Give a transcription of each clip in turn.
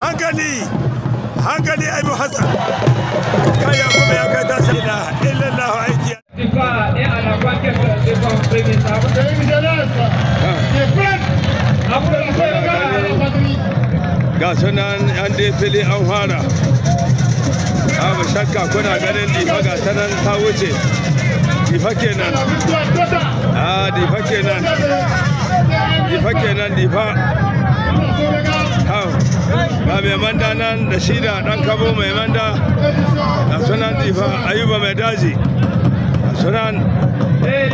hankali hankali abu hassan kaya kuma ya kai tashi ila illallah aiki ne da da da ta abu yi ga sunan an dai fili an fara abu shakka kuna ganin difa ga ta nan ta wuce difa kenan a ah, difa kenan difa kenan difa ba mai manda nan da shi da dan kabo mai manda a sunan difa ayuba mai daji a sunan eh,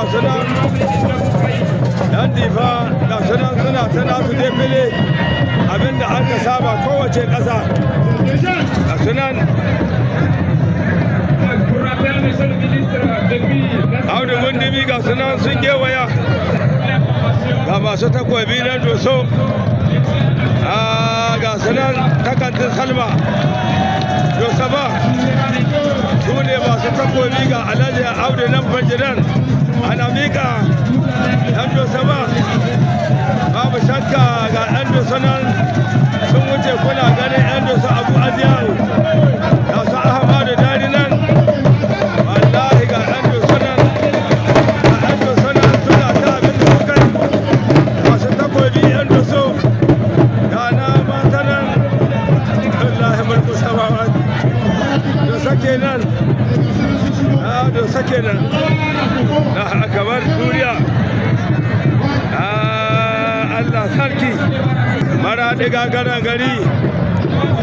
ga sunan difa ga sunan suna ta nasu defile abinda an ka saba kowace ƙasa ga sunan audu gundumi ga sunan sun gewaya ga masu takobi na doso ah, ga sunan takantin salma dosa ba su ne masu takobi ga alhaji audu nan fajiran ana miƙa yan dosa babu shakka ga yan dosa sun wuce kuna ganin yan dosa abu aziya da su ahmadu dari nan wallahi ga yan dosa nan ga yan dosa suna ta abin da suka yi masu takobi yan doso da na mata nan wallahi mulku samawa dosa da sake nan. الله سركي مرا sarki mara غري فدان gari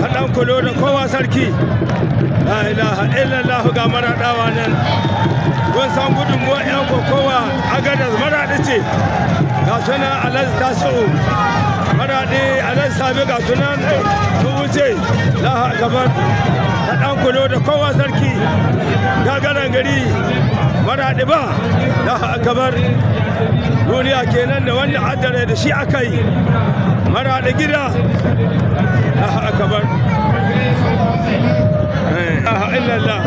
haɗan كوا da لا اله الا الله غا مرا maraɗawa san 'yan kokowa a gadar maraɗi ce ga sabi ga su wuce la gabar gudu da kowa sarki gagaran gari mara ba da akabar duniya kenan da wanda adare da shi aka yi da gida da akabar eh, Allah.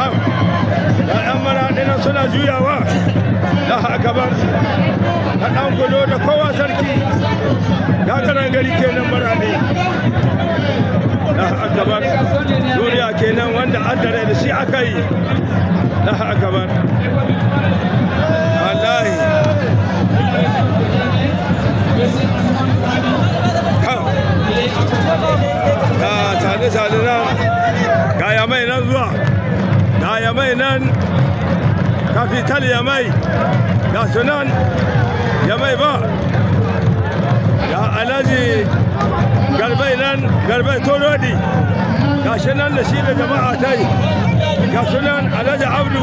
arham da suna juyawa da da ɗan da kowa sarki da kanan gari kenan da duniya kenan wanda an da shi aka yi da wallahi tare-tare nan kafital yamai ga sunan yamai ba ga alhaji garbai nan garbai torodi ga shi nan da shi da jama'a ta yi ga sunan alhaji abdu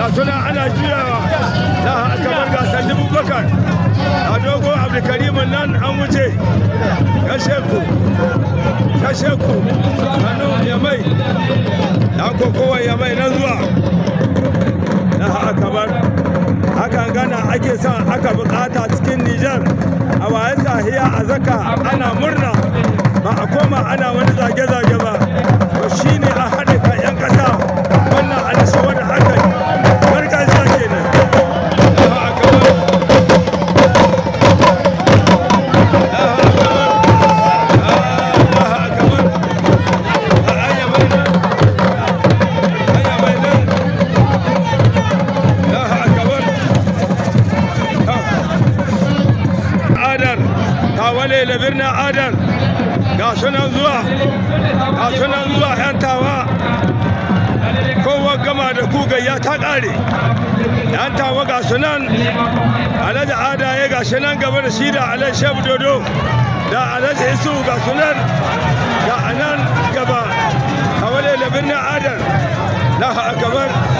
ga sunan ana juyawa za a kamar gasar dubu bakar a dogo abdulkarimin nan an wuce kashe ku kashe ku hannu yamai dan kokowa ya mai nan zuwa na akabar hakan gana ake son aka bukata cikin Nijar a waye sahiya a zaka ana murna ba a koma ana wani zage-zage ba adan ga sunan zuwa ga sunan zuwa 'yan tawa kowa gama da ya ta ƙare yan tawa ga sunan alhaji adaye ga nan gaba da shi da alhaji shehu dodo da alhaji isu ga nan da anan gaba a wale labin na adan na akabar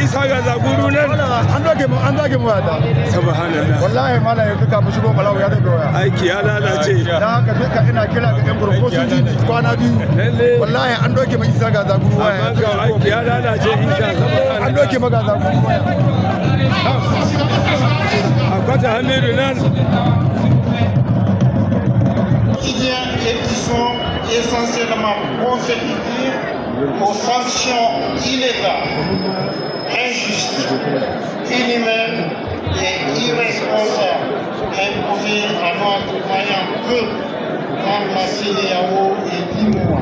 isa ga zaguru an doke mu an doke mu wata subhanallah wallahi mala yau ka mu shigo balawo ya doke waya aiki na lalace da haka duka ina kira ga yan burko ji kwana biyu wallahi an doke mu isa ga zaguru waya aiki ya lalace insha Allah an doke mu ga zaguru waya akwata hamidu nan quotidien et qui sont essentiellement prophétiques aux sanctions illégales, injustes, inhumaines et irresponsables imposées à notre vaillant peuple par la CDAO et l'IMOA.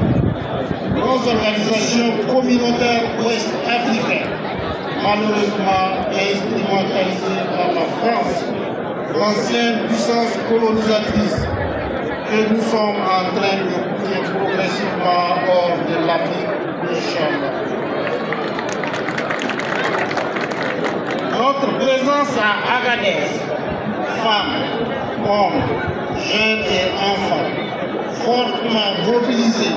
Nos organisations communautaires ouest-africaines, malheureusement instrumentalisées par la France, l'ancienne puissance colonisatrice que nous sommes en train de couper progressivement hors de l'Afrique notre présence à Agadez, femmes, hommes, jeunes et enfants, fortement mobilisés,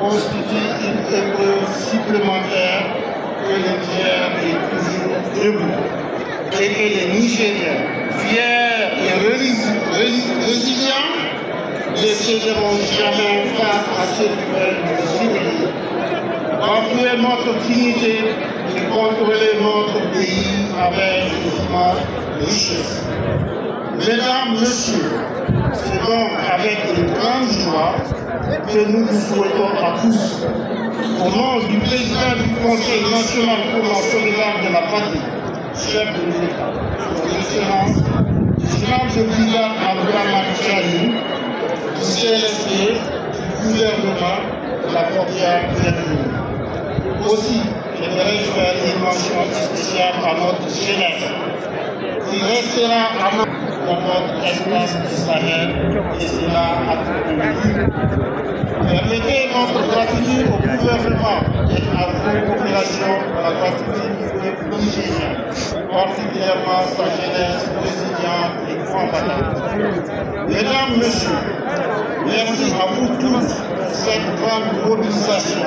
constitue une épreuve supplémentaire que le Niger est toujours debout et que les Nigériens, fiers et résilients, ne céderont jamais face à cette nouvelle civilisation. Renouer notre dignité et contrôlez notre pays avec de richesse. Mesdames, Messieurs, c'est donc avec une grande joie que nous vous souhaitons à tous, au nom du président du Conseil national pour la de la patrie, chef de l'État, son excellence, Islam de Bilal du CSP, du gouvernement de la Cordiale aussi, j'aimerais faire une mention spéciale à notre jeunesse, qui restera à notre, dans notre espace de Sahel et sera à tout le Permettez notre gratitude au gouvernement et à vos populations pour la gratitude du Nigeria, particulièrement sa jeunesse résiliente et grand combattante. Mesdames, Messieurs, merci à vous tous pour cette grande mobilisation